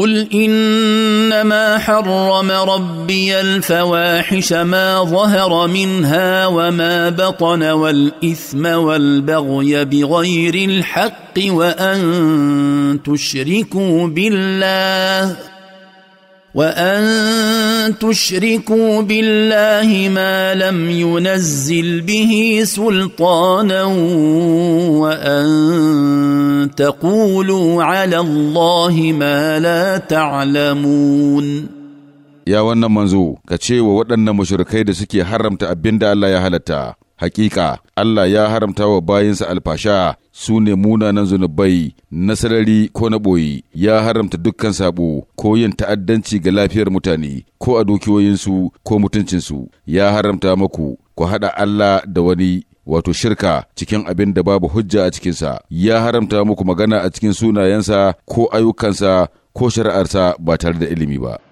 قل انما حرم ربي الفواحش ما ظهر منها وما بطن والاثم والبغي بغير الحق وان تشركوا بالله وان تشركوا بالله ما لم ينزل به سلطانا وان تقولوا على الله ما لا تعلمون ya wannan manzo ka ce wa waɗannan mashirkai da suke haramta abin da Allah ya halatta hakika Allah ya haramta wa bayinsa alfasha su ne munanan zunubai na sarari ko na ɓoyi ya haramta dukkan sabo ko yin ta'addanci ga lafiyar mutane ko a dukiyoyinsu ko mutuncinsu ya haramta maku ku haɗa Allah da wani wato shirka cikin abin da babu hujja a cikinsa ya haramta muku magana a cikin sunayensa ko ayyukansa ko shari'arsa ba tare da ilimi ba